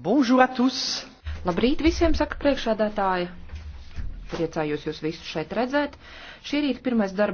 Bonjour à tous! Labrīt visiem, saka priekšādātāja. Priecājos jūs visus šeit redzēt. Šī rīta pirmais darba.